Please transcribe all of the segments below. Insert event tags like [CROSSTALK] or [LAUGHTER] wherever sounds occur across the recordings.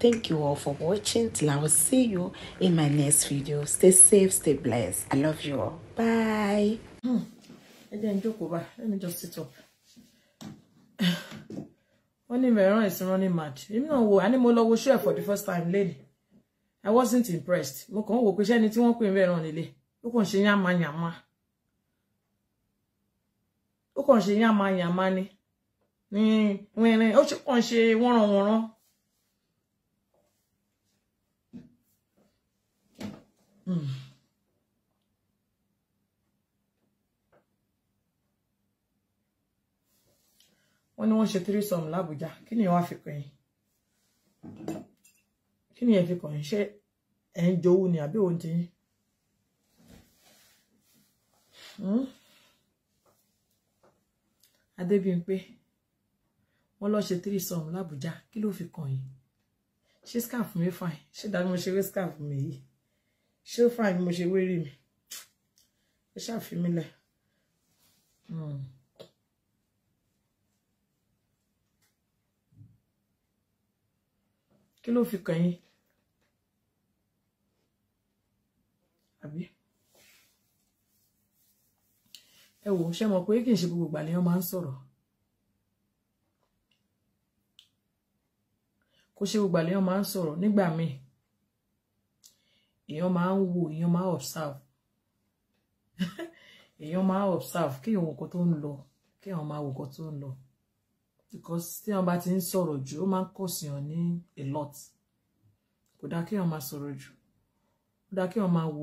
Thank you all for watching. Till I will see you in my next video. Stay safe, stay blessed. I love you all. Bye. Hmm. Again, joke over. Let me just sit up. Only Veron is running mad. You know, and mo lọ share for the first time lady. I wasn't impressed. Mo kàn wò pé ṣé ẹni tí wọ́n pè Veron lele. Ó kàn ṣe yàmá yàmá. Ó kàn ṣe yàmá yàmá ni. Ni, ó she ṣe wọ́nran wọ́nran. wọ́n ní wọ́n ṣe three sum làbújá kí ni wàá fi kàn yín kí ni ẹ fi kàn yín ṣé ẹ ń jowú ni àbí òun ti yín. Hmm? Adébímpé wọ́n lọ ṣe three sum làbújá kí ló fi kàn yín ṣé scarf mi fine ṣé dáná ṣe wé scarf mi yìí ṣé ó fàáyín mo ṣe wéré mi ẹ ṣàfimilẹ̀. Mm. kí ló fi kàn yín àbí ẹ wò ṣe mọ̀ pé kì í ṣe gbogbo ìgbà lèèyàn máa ń sọ̀rọ̀ kò ṣe gbogbo ìgbà lèèyàn máa ń sọ̀rọ̀ nígbà míì èèyàn máa ń wo èèyàn máa observe [LAUGHS] èèyàn máa observe kí èèyàn wo nǹkan tó ń lọ kí èèyàn máa wo nǹkan tó ń lọ because tí èèyàn bá ti ń sọ̀rọ̀ jù ó máa ń kọ̀ sí èèyàn ní a lot kò dáa kí èèyàn máa sọ̀rọ̀ jù kò dáa kí èèyàn máa wo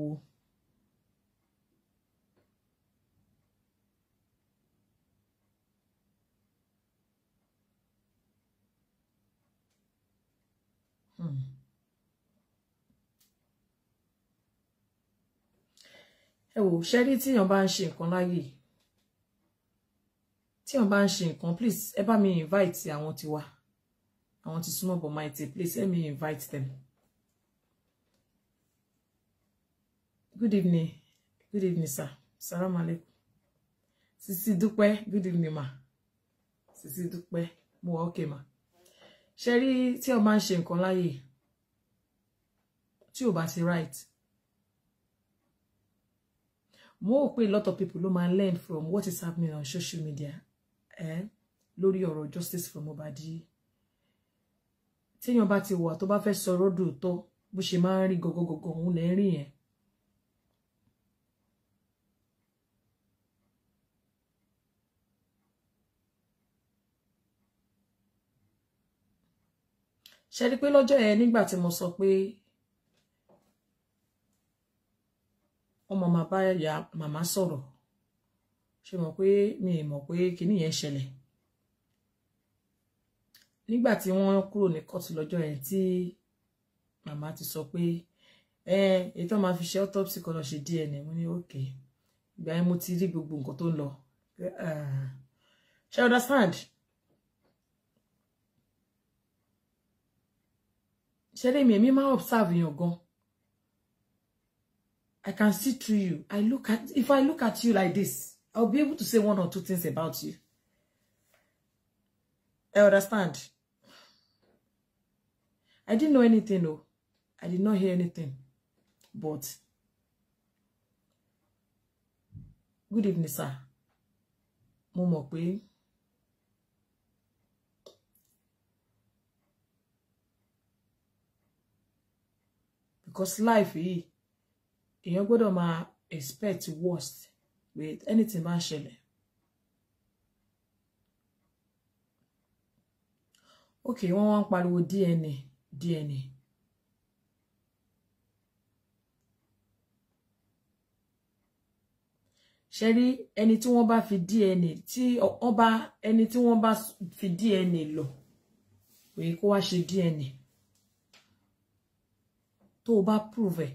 Hmm. ẹ wò ṣẹ́rí tíyàn bá ń ṣe nǹkan láyè tíyàn bá ń ṣe nǹkan please ẹ bá mi invite àwọn ti wá àwọn ti súnmọ́ bọ̀ máa ti please let me invite them. good evening good evening sir salam aleikum sisi dúpẹ́ good evening ma sisi dúpẹ́ mo wà okay ma ṣẹ́rí tíyàn bá ń ṣe nǹkan láyè tí ò bá ti right mo ò a lot of people ló máa learn from what is happening on social media eh? lórí ọ̀rọ̀ justice for Mohbad téèyàn bá ti wà tó bá fẹ́ sọ rọ́dùn tọ́ bó ṣe máa ń rí gọgọgọgọ òun lẹ́ ń rí yẹn ṣe rí pé lọ́jọ́ yẹn mo sọ pé o màmá bá ya màmá sọ̀rọ̀ ṣe mọ̀ pé mi ì mọ̀ pé kinní yẹn ṣẹlẹ̀ nígbà tí wọ́n kúrò ní kóòtù lọ́jọ́ yẹn tí màmá ti sọ pé èyí tó máa fi ṣe autopsy kan lọ ṣe DNA mo ní òkè ìgbà mo ti rí gbogbo nǹkan tó ń lọ understand ṣe lè mi èmi máa observe yàn gan I can see through you. I look at if I look at you like this, I'll be able to say one or two things about you. I understand. I didn't know anything though. I did not hear anything. But good evening, sir. Mo mọ̀ because life eh èèyàn gbọ́dọ̀ máa expect worst with anything bá ń ṣẹlẹ̀. ok wọ́n wá ń pariwo DNA DNA ṣe rí ẹni tí wọ́n bá fi DNA tí wọ́n bá ẹni tí wọ́n bá fi DNA lọ òye kó wá ṣe DNA tó o bá prove ẹ̀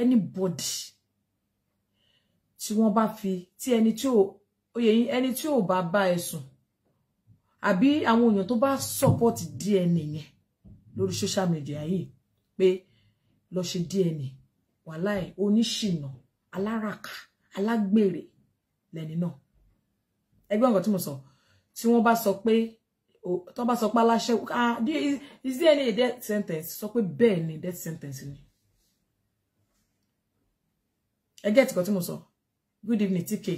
anybody tí wọ́n bá fi ti ẹni tí ò oyè yín ẹni tí ò bá bá ẹ sùn àbí àwọn èèyàn tó support DNA yẹn lórí social media yìí pé lọ ṣe DNA wàláì oníṣìnà aláràkà alágbèrè lẹni náà ẹgbẹ́ nǹkan tí mo sọ tí wọ́n bá sọ pé tó bá sọ pé aláṣẹ ah is there any death sentence sọ pé bẹ́ẹ̀ ni death sentence ni ẹ get kan tí mo sọ good evening tk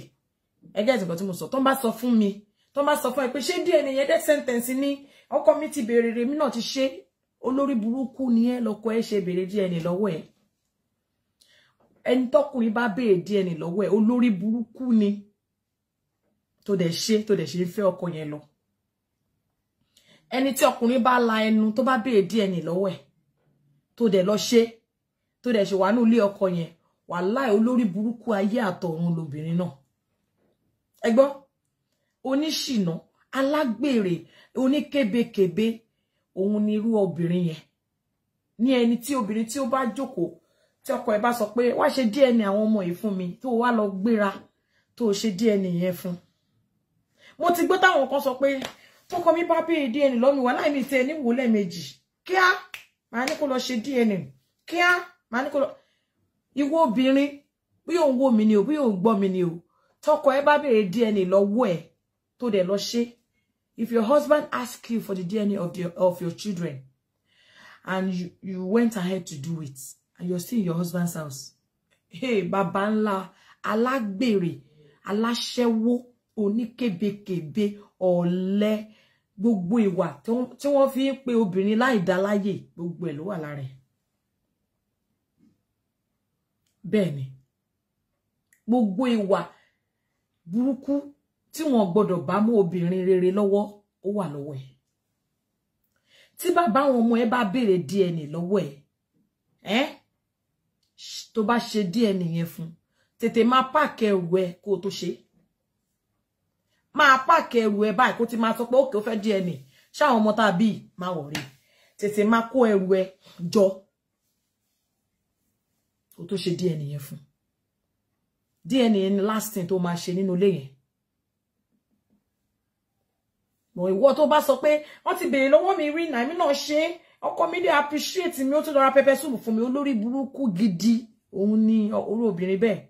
ẹ get kan tí mo sọ tó ń bá sọ fún mi tó ń bá sọ fún ẹ pé ṣé díẹ̀ sentence ni ọkọ mi ti béèrè Mi náà ti ṣe olórí burúkú ni ẹ lọkọ ẹ ṣe béèrè díẹ̀ ní lọ́wọ́ ẹ ẹni tọkùnrin bá béèrè díẹ̀ ní lọ́wọ́ ẹ olórí burúkú ni tó dẹ̀ ṣe tó dẹ̀ ṣe ń fẹ́ ọkọ yẹn lọ ẹni tí ọkùnrin bá la ẹnu tó bá béèrè díẹ̀ ní lọ́wọ́ ẹ tó dẹ̀ lọ ṣe tó dẹ̀ ṣe wà ní ilé ọkọ yẹn wàláì olórí burúkú ayé àtọ̀run lobìnrin náà ẹ gbọ́ oníṣìnà alágbèrè oníkébékébé òun ni irú obìnrin yẹn ní ẹni tí obìnrin tí ó bá jókòó tí ọkọ ẹ̀ bá sọ pé wá ṣe DNA àwọn ọmọ yìí fún mi tó wá lọ gbéra tó ṣe DNA yẹn fún mo ti gbọ́ táwọn kan sọ pé tọkọ mi bá béèrè DNA lọ́mi wà láì mi tẹ níwò lẹ́ẹ̀mejì kíá màá ní kó lọ ṣe DNA kíá màá ní kó lọ ìwọ obìnrin bóyá òun wò mí ni o bóyá òun gbọ́ mi ni o tọkọ ẹ bá béèrè DNA lọ́wọ́ ẹ to dẹ̀ lọ ṣe if your husband ask you for the DNA of, the, of your children and you, you went ahead to do it and you're still in your husband's house hey baba ńlá alágbèrè aláṣẹ́wó oníkebekebe ole gbogbo ìwà tí wọ́n fi ń pe obìnrin láìdáláyè gbogbo ẹ̀ ló wà lára bẹ́ẹ̀ ni gbogbo ìwà burúkú tí wọn gbọ́dọ̀ bá mú obìnrin rere lọ́wọ́ ó wà lọ́wọ́ ẹ̀ tí bàbá àwọn ọmọ ẹ bá béèrè DNA lọ́wọ́ ẹ̀ ẹ́ tó bá ṣe DNA yẹn fún tètè máa páàkì ẹrù ẹ kó o tó ṣe máa páàkì ẹrù ẹ báyìí kó ti máa sọ òkè ó fẹ́ DNA ṣáwọn ọmọ tá a bí máa wọ̀ tètè máa kó ẹrù ẹ jọ kó tó ṣe DNA yẹn fún DNA ni last thing tó máa ṣe nínú ilé yẹn mọ ìwọ tó bá sọ pé wọ́n ti béèrè lọ́wọ́ mi rí nàìmí náà ṣe ọkọ mi dé appreciate mi ó tún lọ ra pẹpẹ súùpù fún mi olórí burúkú gidi òun ni orú obìnrin bẹ́ẹ̀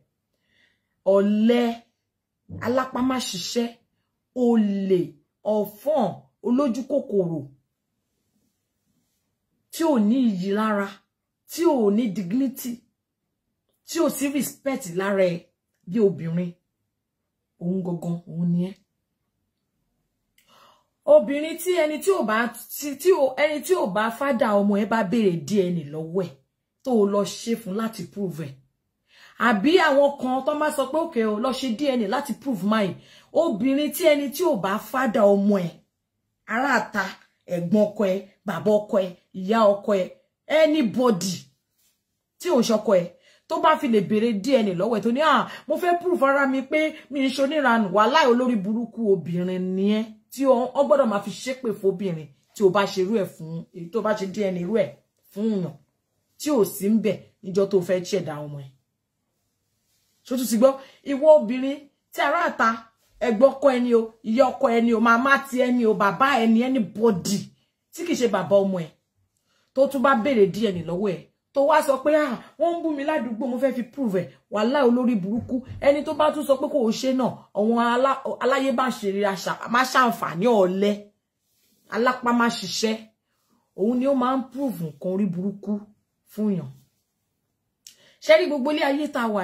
ọ̀lẹ alápámáṣiṣẹ́ olè ọ̀fọ́n olójú kòkòrò tí ò ní iyì lára tí ò ní dignity tí ò sí respect lára ẹ bí obìnrin òun gangan òun ni ẹ obìnrin tí eni tí ò bá tí ò ẹni tí ò bá fádà ọmọ ẹ bá béèrè DNA lọ́wọ́ ẹ tó o lọ ṣe fún láti prove abi àbí àwọn kan tó máa sọ pé òkè o lọ ṣe DNA láti prove mine obìnrin eni ẹni tí ò bá fádà ọmọ ẹ aráàta ẹ̀gbọ́n ọkọ ẹ bàbá ọkọ ẹ ìyá ọkọ ẹ anybody tí ò ń ṣọkọ ẹ tó bá fi lè béèrè DNA lọ́wọ́ ẹ̀ tó ní ah mo fẹ́ proof ara mi pé mi ń ṣoníranù wàhálà olórí burúkú obìnrin nìyẹn tí ó gbọ́dọ̀ máa fi ṣépè fóbìnrin tí o bá ṣe irú ẹ̀ fún èyí tó bá ṣe DNA irú ẹ̀ fún èèyàn tí ò sí ń bẹ̀ níjọ́ tó fẹ́ ṣẹ̀dá ọmọ ẹ̀ ṣó tún ti gbọ́ ìwọ obìnrin tí ará àta ẹ̀gbọ́n ọkọ o ìyá eni ẹni o màmá ti ẹni o bàbá ẹni ẹni bọ́dì tí kì í ṣe bàbá ọmọ ẹ̀ tó tún bá béèrè DNA lọ́wọ́ tó wá sọ pé ah wọ́n ń mi ládùúgbò mo fẹ́ fi prove ẹ̀ wàhálà olórí burúkú ẹni tó bá tún sọ pé kò ṣe náà àwọn aláyé bá ṣe rí àṣà má ṣàǹfààní ọ̀lẹ alápá má ṣiṣẹ́ òun ni ó máa prove nǹkan orí burúkú fún yàn ṣe rí gbogbo ilé ayé tá a wà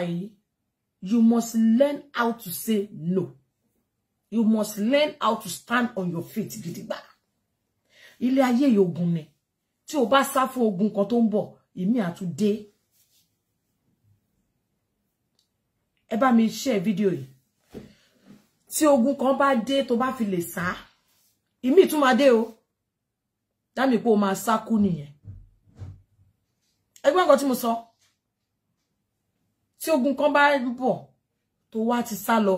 you must learn how to say no you must learn how to stand on your feet gidigba ilé ayé yogun ni Ti o bá sá fún ogun kan tó ń Imi àtúndé ẹ bá mi share video. yìí tí ogun kan de dé tó bá fi lè sá ìmí tún máa dé o dámì pé o máa sákú nìyẹn ẹgbẹ́ nǹkan tí mo sọ tí ogun kan bá bọ̀ tó wá ti sá lọ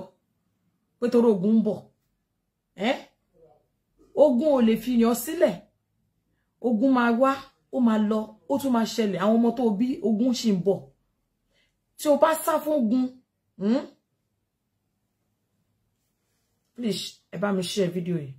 pé torí ogun ń bọ̀ ogun ò lè fi yàn sílẹ̀ ogun máa wá ó máa lọ ó tún máa ṣẹlẹ̀ àwọn ọmọ tó bí ogun ṣì ń bọ̀ tí o bá sá fún ogun hmm? please ẹ bá mi share fídíò yìí.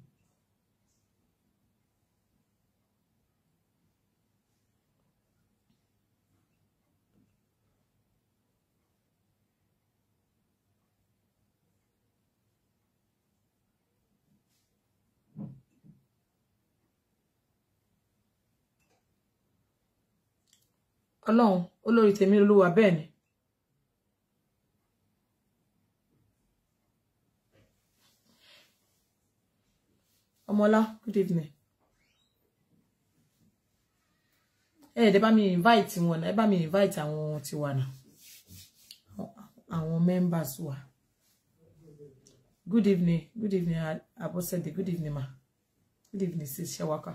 ọlọ́run olórí tèmi olúwa bẹ́ẹ̀ ni. ọmọlá good evening. ẹ ẹ̀ dẹ́ bá mi invite wọn náà ẹ bá mi invite àwọn tiwa náà àwọn members wa. good evening good evening abosede good evening ma good evening sis sewaka.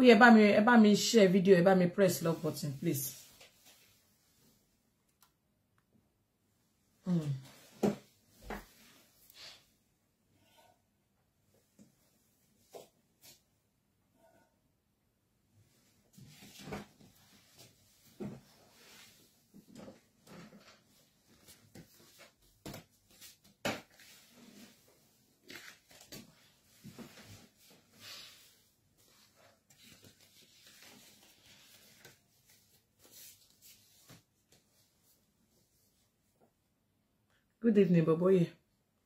Oh yeah, bá mi ẹ bá share video ẹ bá press lock button please. Mm. good evening bọ̀bọ̀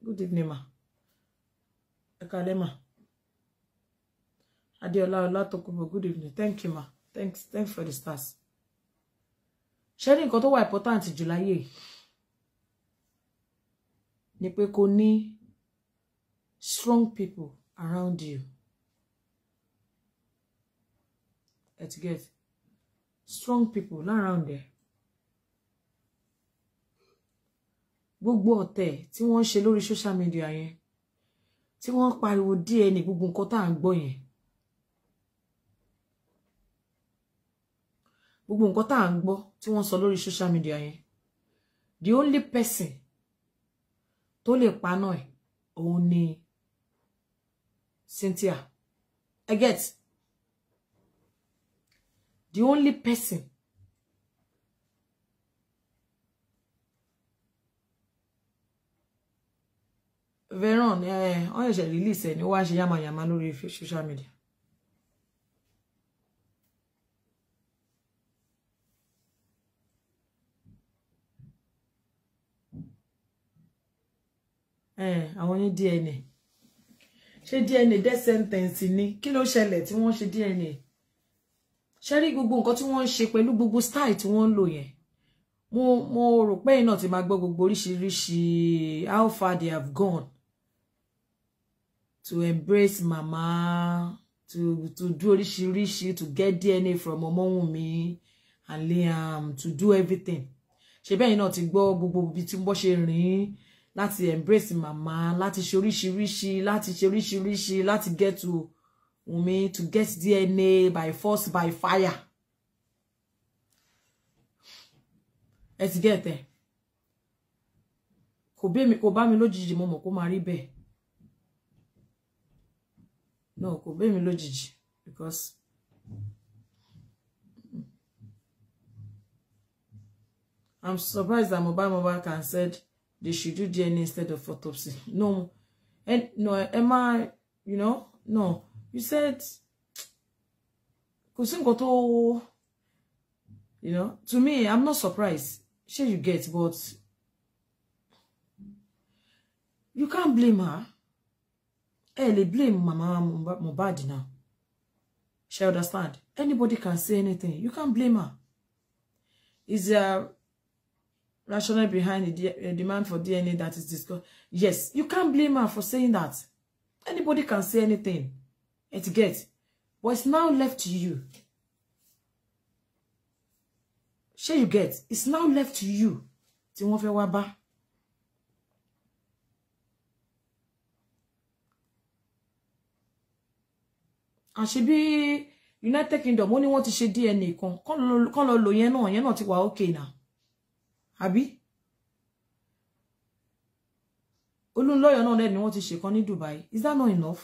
good evening ma ẹ kalẹ́ ma adéọlá ọlátọkùnbọ̀ good evening thank you ma thanks thanks for the stars Sharing ní nǹkan tó wà important jù láyé ni pé strong people around you Let's get strong people around there gbogbo ọ̀tẹ̀ tí wọ́n ń ṣe lórí social media yẹn tí wọ́n ń pariwo díẹ̀ ní gbogbo nǹkan tá à ń gbọ́ yẹn gbogbo nǹkan tá à ń gbọ́ tí wọ́n sọ lórí social media yẹn the only person tó lè paná ẹ̀ òun ni Cynthia I get the only person veron eh? wọ́n ṣẹ̀ṣẹ̀ release ẹ̀ ni ó wá ṣe yàmàyàmà lórí social media. Eh? àwọn ní DNA ṣé DNA death sentence ni kí ló ṣẹlẹ̀ tí wọ́n DNA ṣe Gugu, gbogbo nǹkan tí wọ́n ń ṣe pẹ̀lú gbogbo style tí wọ́n ń lò mo mo rò pé iná ti máa gbọ́ gbogbo oríṣiríṣi how far they have gone to embrace mama to to do oríṣiríṣi to get DNA from Ọmọ́wùnmí and Liam to do everything ṣe bẹ́ẹ̀ náà ti gbọ́ gbogbo ibi tí wọ́n ṣe rìn láti embrace mama láti ṣe oríṣiríṣi láti ṣe oríṣiríṣi láti get to Wunmi to get DNA by force by fire ẹ ti gẹ̀ tẹ̀ kò bá mi lójijì mo mọ̀ kó máa rí bẹ́ẹ̀ No, kò be mi lójijì because I'm surprised that mobile mobile can said they should do DNA instead of autopsy. No, and no, am I, you know, no. You said, kò sí nǹkan tó, you know, to me, I'm not surprised. Sure you get, but you can't blame her. Hey, they blame mama Mohbad now she understand anybody can say anything you can't blame her is there rationale behind the eh, demand for DNA that is discussed yes you can't blame her for saying that anybody can say anything It but What's now left to you ṣé you get it's now left to you tí wọ́n fẹ́ wá àṣebí united kingdom ó ní wọ́n ti ṣe dna kan kán lọ lò yẹn náà yẹn náà ti wà ókè náà àbí olùlọ́yọ̀ náà lẹ́nu wọ́n ti ṣe kan ní dubai is that not enough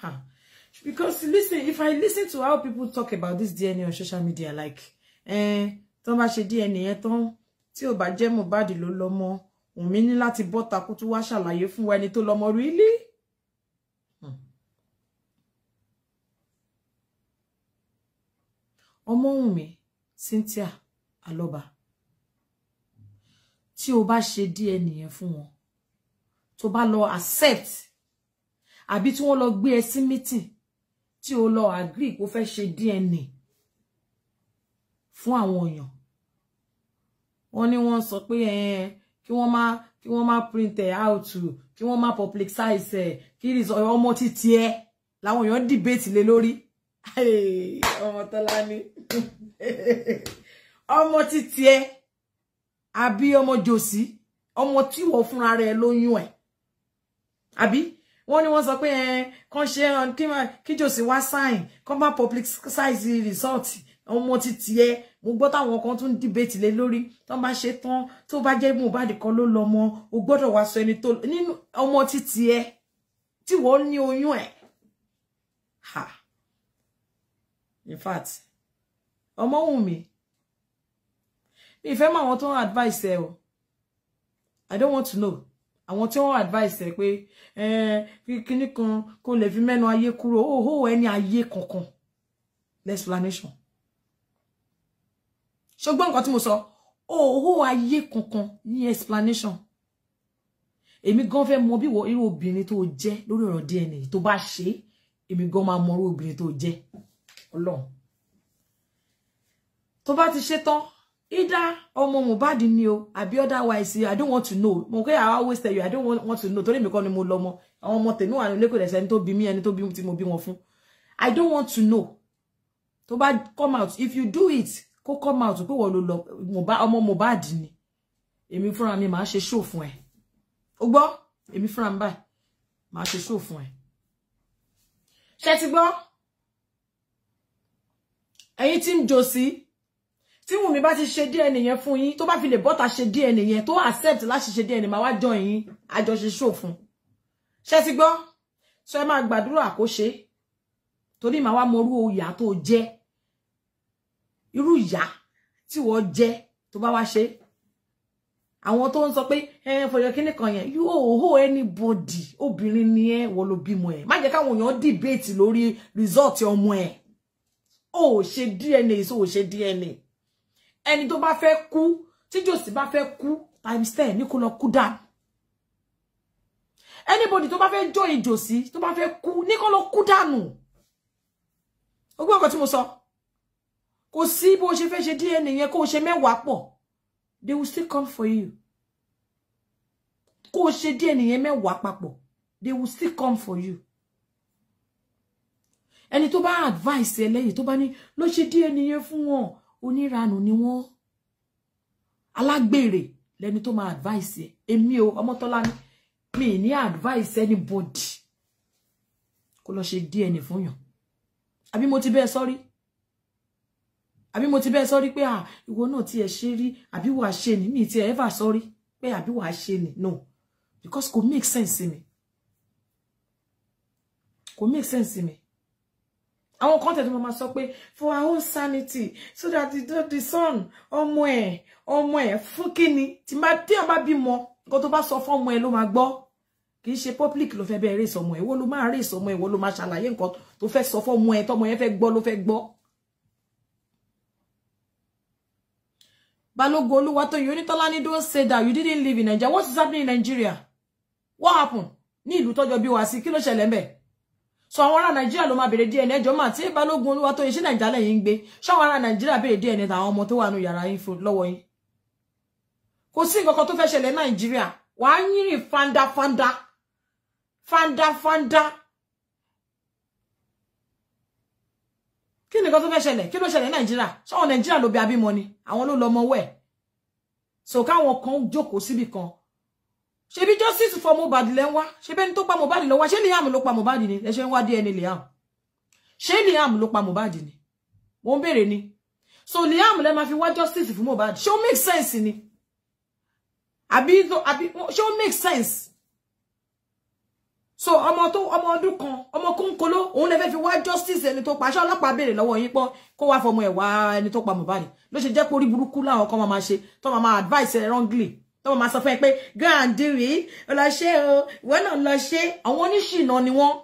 huh. because listen if i listen to how people talk about this dna on social media like eh, tó bá ṣe dna yẹn tán tí ò bá jẹ́ mohbad ló lọ́mọ Wùnmí ní láti bọ́ta kó tún wá ṣàlàyé fún wa ẹni tó lọ́mọ rí lé. Really? ọmọwùnmí cynthia alọba tí o bá ṣe díẹ̀ nìyẹn fún wọn tó bá lọ accept àbí tí wọ́n lọ gbé ẹ sí meeting tí o lọ agree kó fẹ́ ṣe DNA fún àwọn èèyàn wọ́n ní wọ́n sọ pé eh kí wọ́n má kí wọ́n má print ẹ out kí wọ́n má publicize ẹ kí ọmọ títí ẹ làwọn èèyàn debate lé lórí [LAUGHS] ọmọ Tọ́lání [COUGHS] ọmọ títí ẹ àbí ọmọ jòsí ọmọ tí wọ́n fúnra rẹ̀ lóyún ẹ̀ àbí wọ́n ní wọ́n sọ pé ẹ kàn ṣe kí jòsí wá sáìn kàn bá publicize result ọmọ títí ẹ mo gbọ́ táwọn kan tún dìbẹ́tì lé lórí tán bá ṣe tán tó bá jẹ́ Mohbad kan ló lọ́mọ o gbọ́dọ̀ wá sọ ẹni tó nínú ọmọ títí ẹ tí wọ́n ní oyún ẹ̀ ha in fact Ọmọ́wùnmí mi ìfẹ́ mọ àwọn tó ń advice ẹ o I don't want to know àwọn tí wọ́n advice ẹ pé kíní kan kó lè fi mẹ́nu ayé kúrò óhó oh, oh, ẹni ayé kankan explanation ṣùgbọ́n nǹkan tí mo sọ óhó oh, ayé kankan ní explanation èmi gan fẹ́ mọ bí wọ irú obìnrin tó jẹ́ lórí ọ̀rọ̀ DNA tó bá ṣe èmi gan máa mọ irú obìnrin tó jẹ́ Ọlọ́run To bá ti ṣe tán either ọmọ Mohbad ni o àbí otherwise i don't want to know mo kẹ́ i always tell you i don't want to know torí mi kọ́ ni mo lọ́mọ àwọn ọmọ tèmi wà ní ilé kò lẹ́sẹ̀ ẹni bi mi mí ẹni bi bí ti mo bi wọn fun. i don't want to know To bá come out if you do it kó come out pé wọ́n lo. lọ omo Mohbad ni Emi fúnra Ami ma ṣe show fun. ẹ o gbọ́ èmi fúnra mi báyìí màá ṣe show fun. ẹ ṣé ti gbọ́ ẹ̀yin tí ń tí Wùnmí ba ti ṣe DNA yẹn fún yín tó bá fi lè bota ṣe DNA yẹn tó accept la ṣe DNA máa wá jọ yín àjọṣe ṣò fún ṣe ti gbọ́ so ẹ máa gbàdúrà kó ṣe torí màá wá morú ìyá tó jẹ́ irú ìyá tí wọ́n jẹ́ tó bá wá ṣe àwọn tó ń sọ pé ẹn fòyọ kíní kan yẹn yóò hó anybody obìnrin ni ẹ wọ ló bímọ ẹ má jẹ́ káwọn èèyàn debate lórí result ọmọ ẹ ò ṣe DNA so ò ṣe DNA ẹni tó bá fẹ́ kú tí jòsí bá fẹ́ kú times ten ní kó lọ kú dànù anybody tó bá fẹ́ join jòsí tó bá fẹ́ kú ní kó lọ kú dànù ó gbọ́ nǹkan tí mo sọ kò sí bó ṣe fẹ́ ṣe dna yẹn kó ṣe mẹ́wàá pọ̀ they will still come for you kó ṣe dna yẹn mẹ́wàá papọ̀ they will still come for you ẹni tó bá advice eléyìí tó bá ní lọ ṣe dna yẹn fún wọn oníranù ni wọ́n alágbèrè lẹni tó máa advice ẹ èmi o ọmọtọ́lá ni mi ní advice anybody kó lọ ṣe DNA fún yàn àbí mo ti bẹ́ẹ̀ sọ́rí àbí mo ti bẹ́ẹ̀ sọ́rí pé à ah, ìwọ náà tí ẹ ṣe rí àbí wàá ṣe ni mi ti ever sọ́rí pé àbí wàá ṣe ni no because kò make sense sí mi kò make sense sí mi àwọn content mo máa sọ pé for our own sanity so that the, the son ọmọ ẹ̀ ọmọ ẹ̀ fún kíni tí bá tí ọba bímọ nǹkan tó bá sọ fún ọmọ ẹ̀ ló máa gbọ́ kì í ṣe public ló fẹ́ bẹ́ẹ̀ race ọmọ ẹ̀ wọ́n ló máa race ọmọ ẹ̀ wọ́n ló máa ṣàlàyé nǹkan tó fẹ́ sọ fún ọmọ ẹ̀ tọmọ yẹn fẹ́ gbọ́ ló fẹ́ gbọ́. Balogun Oluwatoyin Onitolani don't say that you didn't live in Nigeria. What is happening in Nigeria? What happened? Ní ìlú tọ́jọ́ bí wá sí kí ló ṣẹlẹ̀ ńbẹ̀? so àwọn ará nàìjíríà ló máa béèrè dna jọ máa tí balógun olúwa tó iṣẹ́ nàìjíríà lẹ́yìn ń gbé ṣáwọn ará nàìjíríà béèrè dna tàwọn ọmọ tó wà nù yàrá yín fún lọ́wọ́ yín kò sí nǹkan kan tó fẹ́ ṣẹlẹ̀ nàìjíríà wà á yìnrìn fandafanda fandafanda kí nìkan tó fẹ́ ṣẹlẹ̀ kí ló ṣẹlẹ̀ nàìjíríà ṣáwọn nàìjíríà ló bí abímọ ni àwọn ló lọ mọ wẹ̀ so káwọn kan jókòó síbì kan ṣebí justice for Mohbad lẹ́ ń wá ṣebí ẹni tó pa Mohbad lọ wá ṣé Liam ló pa Mohbad ni ẹ ṣe ń wá DNA Liam ṣé Liam ló pa Mohbad ni wọ́n béèrè ni so Liam lẹ́ máa fi wá justice fún Mohbad ṣé make sense ni àbí ṣé ó make sense so ọmọ tó ọmọ ọdún kan ọmọ kónkolo òun lè fẹ́ fi wá justice ẹni tó pa aṣọ ọlọ́pàá béèrè lọ́wọ́ yín pọ́ kó wá fọmọ ẹ̀ wá ẹni tó pa Mohbad ló ṣe jẹ́ pé orí burúkú láwọn kan máa ṣe tó máa advice ẹ̀ wrongly tó máa sọ fún ẹ pé go and do it ó lọ ṣe o ìwọ náà lọ ṣe àwọn oníṣìnà ni wọ́n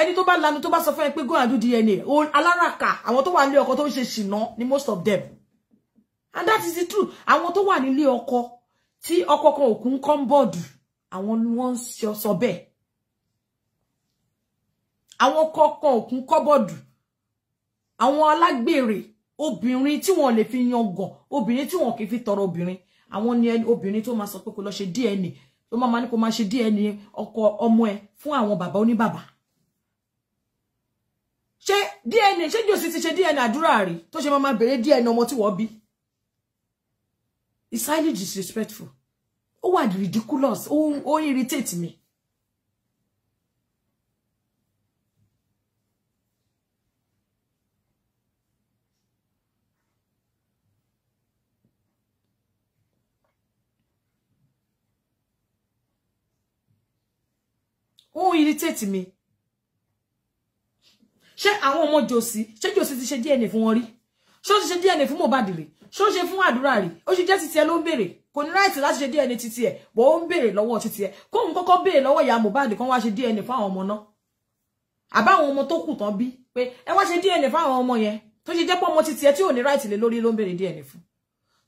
ẹni tó bá lanu tó bá sọ fún ẹ pé go and do DNA aláràkà àwọn tó wà nílé ọkọ tó ń ṣe ṣìnà ni most of them and that is the truth àwọn tó wà nílé ọkọ tí ọkọ kan òkú ń kọ́ ń àwọn ni wọ́n sọ bẹ́ẹ̀ àwọn ọkọ kan òkú ń kọ́ àwọn alágbèrè obìnrin tí wọ́n lè fi yan gàn obìnrin tí wọ́n kì í fi tọrọ obìnrin àwọn ni obìnrin tó máa sọ pé kó lọ ṣe DNA tó máa ní kó máa ṣe DNA ọkọ ọmọ ẹ fún àwọn bàbá oníbàbà ṣé DNA ṣé jòsí ti ṣe DNA àdúrà rí tó ṣe máa máa béèrè DNA ọmọ tí wọ́n bí it's highly disrespectful ó wà ridiculous ó irritate me. irritate me. ṣé àwọn ọmọ jòsí ṣé jòsí ti ṣe DNA fún wọn rí ṣé ó ti ṣe DNA fun Mohbad rí ṣé ó ṣe fún àdúrà rí ó ṣe jẹ́ títí ẹ ló ń béèrè kò ní ráìtì láti ṣe DNA títí ẹ bọ́ ó ń béèrè lọ́wọ́ títí ẹ kóun kọ́kọ́ béèrè lọ́wọ́ ìyá Mohbad kan wá ṣe DNA fún àwọn ọmọ náà àbáwọn ọmọ tó kù tán bí pé ẹ wá ṣe DNA fun àwọn ọmọ yẹn tó ṣe jẹ́ pé ọmọ títí ẹ tí ò ní ráìtì lé lórí ló ń béèrè DNA fun.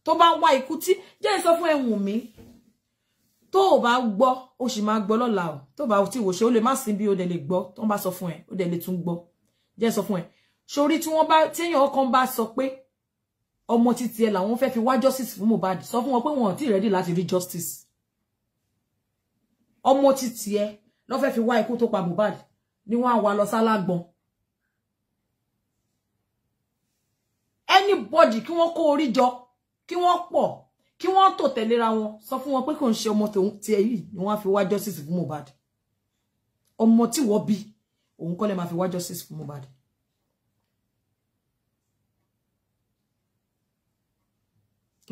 tó bá ń wá ikú tí jẹ́ sọ mi tó o bá gbọ́ o sì máa gbọ́ lọ́la o tó bá ti wò ṣe o lè má sin bí o dẹ̀ lè gbọ́ tó ń bá sọ fún ẹ o dẹ̀ lè tún gbọ́ jẹ́ sọ fún ẹ sórí tí wọ́n bá téèyàn ọkàn bá sọ pé ọmọ títí ẹ làwọn fẹ́ fi wá justice fún Mohbad sọ fún wọn pé wọn ò tí ì rẹ́dí láti rí justice ọmọ títí ẹ ló fẹ́ fi wá ikú tó pa Mohbad ni wọ́n á wá lọ sálágbọ̀n anybody kí wọ́n kó orí jọ kí wọ́n pọ̀ kí wọ́n tò tẹ̀léra wọn sọ fún wọn pé kò ń ṣe ọmọ tòun ti ẹ̀ yìí ni wọ́n fi wá justice fún Mohbad ọmọ tí wọ́n bí òun kọ́ lè máa fi wá justice fún Mohbad.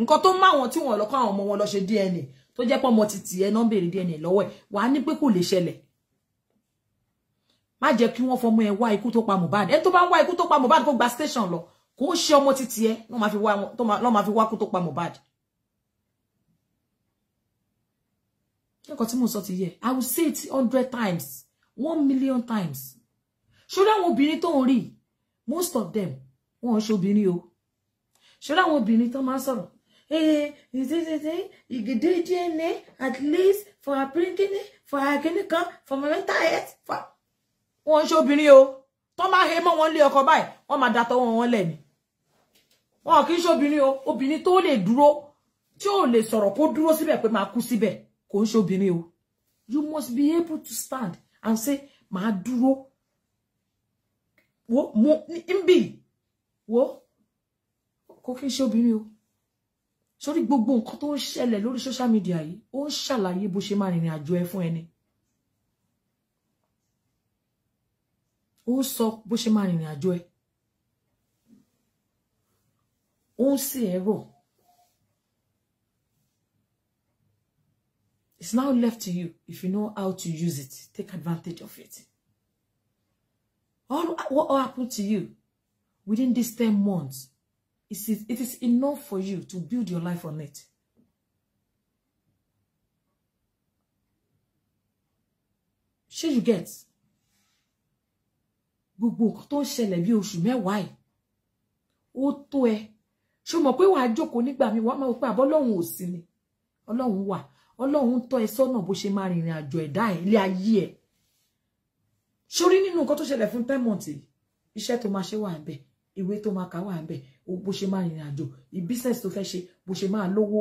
nǹkan tó má wọn tí wọn lọ kọ àwọn ọmọ wọn lọ ṣe DNA tó jẹ́ pé ọmọ títì ẹ náà béèrè DNA lọ́wọ́ ẹ̀ wà á ní pé kò lè ṣẹlẹ̀ má jẹ́ kí wọ́n fọmọ ẹ wá ikú tó pa Mohbad ẹ tó bá ń wá ikú tó pa Mohbad kó gba station lọ kó ṣe ọmọ títì ẹ lọ máa fi wá ikú tó pa Mohbad. nǹkan tí mo sọ ti yẹ i will say it hundred times one million times ṣọlá àwọn obìnrin tó ń rí most of them wọn ò ṣobìnrin o ṣọlá àwọn obìnrin tó máa ń sọ̀rọ̀ ìgèdè eh, eh, eh, dna at least for her printing for her clinical for my mental health for. wọn ò ṣobìnrin o tó máa he mọ́ wọn lé ọkọ báyìí wọ́n máa datọ́ wọn wọn lẹ́ni wọn kì í ṣobìnrin o obìnrin tó lè dúró tí ò lè sọ̀rọ̀ kó dúró síbẹ̀ pé máa kú síbẹ̀ kò ń ṣobìnrin o you must be able to stand and say màá dúró wo mo ń bì wo kò kí n ṣobìnrin o sórí gbogbo nǹkan tó ń ṣẹlẹ̀ social media yìí ó ń ṣàlàyé bó ṣe máa rìnrìn àjò ẹ fún ẹni ó ń sọ bó ṣe máa rìnrìn àjò ẹ ó ń sì It's now left to you. If you know how to use it, take advantage of it. All what will happen to you within these 10 months, is, it is enough for you to build your life on it. Ṣé you get? Gbogbo nǹkan tó ń ṣẹlẹ̀ bí oṣù mẹ́wàá ẹ̀, ó tó ẹ. Ṣé o mọ̀ pé wàá jókòó nígbà mi, wàá máa wò pé àbọ́ ọlọ́run ò sí ni, ọlọ́run wà ọlọ́run tọ́ ẹ sọ́nà bó ṣe máa rìnrìn àjò ẹ̀dá ẹ̀ ilé ayé ẹ̀ sórí nínú nǹkan tó ṣẹlẹ̀ fún ten months iṣẹ́ tó máa ṣe wà níbẹ̀ ìwé tó máa kà wà níbẹ̀ bó ṣe máa rìnrìn àjò business tó fẹ́ ṣe bó ṣe máa lówó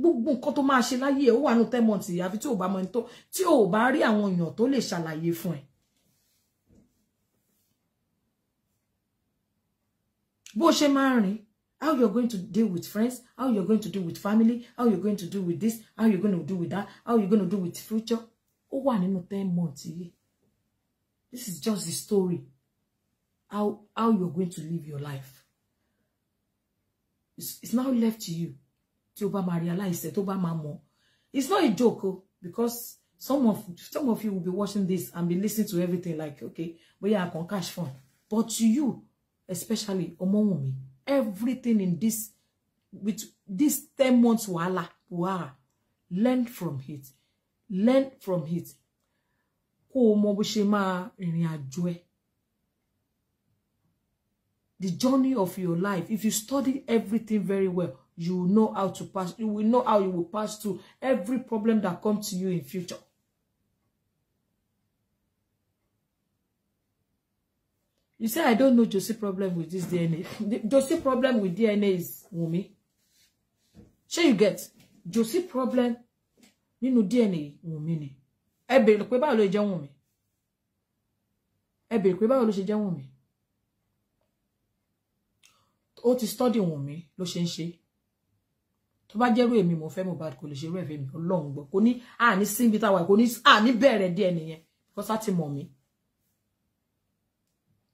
gbogbo nǹkan tó máa ṣe láyé ẹ̀ ó wà ní ten months àfi tí ò bá mọ ẹni tó tí ò bá rí àwọn èèyàn tó lè ṣàlàyé fún ẹ. bó ṣe máa rìn how you're going to deal with friends, how you're going to deal with family, how you're going to deal with this, how you're going to deal with that, how you're going to deal with future. Ó wà nínú 10 months This is just the story. How how you're going to live your life. It's, it's now left to you. to o bá máa realize, tó bá máa It's not a joke oh, because some of some of you will be watching this and be listening to everything like okay, bóyá I can cash fund. But to you, especially Omo woman everything in this with this 10 months wala wahala learn from it learn from it Ko o mọ bó ṣe máa rìnrìn àjò the journey of your life if you study everything very well you will know how to pass you will know how you will pass through every problem that comes to you in future You say I don't know Josie problem with this DNA. [LAUGHS] Josie problem with DNA is Wumi. Sure you get? Josie problem You know DNA Wumi ni. Ẹ bèrè pé báwo ló jẹ́ Wumi? Ẹ look pé báwo ló ṣe jẹ́ Wumi? Ó ti study Wumi ló ṣe ń ṣe. Tó bá jẹ́rú èmi mo fẹ́ Mohbad kò lè ṣerú ẹ̀fẹ́ mi Ọlọ́run gbọ́. Kò ní àní síbi táwa kò ní ni bẹ̀rẹ̀ DNA yẹn. Kọ́sá ti mọ̀ mí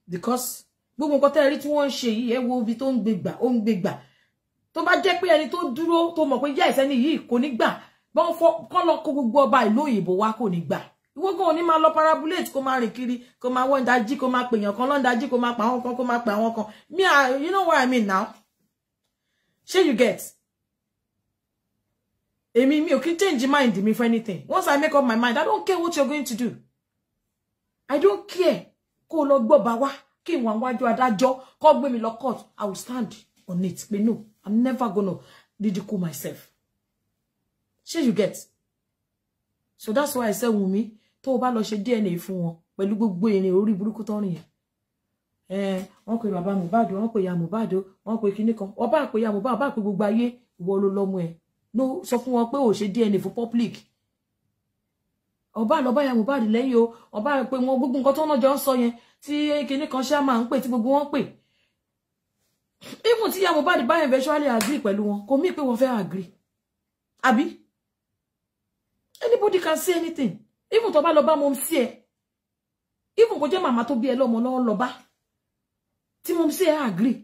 because gbogbo nǹkan tẹ́ẹ̀rí tí wọ́n ń ṣe yìí ẹ wo ibi tó ń gbé gbà ó ń gbé gbà tó bá jẹ́ pé ẹni tó dúró tó mọ̀ pé yá ìsẹ́ni yìí kò ní gbà bọ́n fọ́ gbogbo ọba ìlú wa kò ní gbà ìwọ gan ni máa lọ parabulate kó máa rìn kiri kó máa wọ́n dájí kó máa pèèyàn kan lọ́ndájí kó máa pa àwọn kan kó máa pa àwọn kan me you know what i mean now ṣé you get èmi mi ò kí change mind mi for anything once i make up my mind i don't care what you're going to do i don't care kó lọ gbọ́ba wá kí n wà wájú adájọ́ kó gbé mi lọ court i will stand on it pé no i'm never gonna ridicule myself ṣé you get so that's why i say Wunmi tó o bá lọ ṣe DNA fún wọn pẹ̀lú gbogbo ìrìn orí burúkú Eh, rìn yẹn eh, wọ́n pe bàbá Mohbad wọ́n pe ìyá Mohbad wọ́n pe kinní kan ọba àpè ìyá Mohbad ọba àpè gbogbo ayé ìwọ ló lọ́mọ ẹ̀ ló sọ fún wọn pé ò ṣe DNA fún public ọba lọba yẹn Mohbad lẹ́yìn o ọba rẹ pé wọn gbogbo nǹkan tó ń jọ ń sọ yẹn tí kinní kan ṣá máa ń pè tí gbogbo wọn pè even tí ya Mohbad bá eventually agree pẹ̀lú wọn kò mí pé wọ́n fẹ́ agree àbí anybody can say anything even tó bá lọ bá mom sí ẹ even kò jẹ́ màmá tó bí ẹ lọ́mọ lọ́wọ́ lọ bá tí mom sí ẹ agree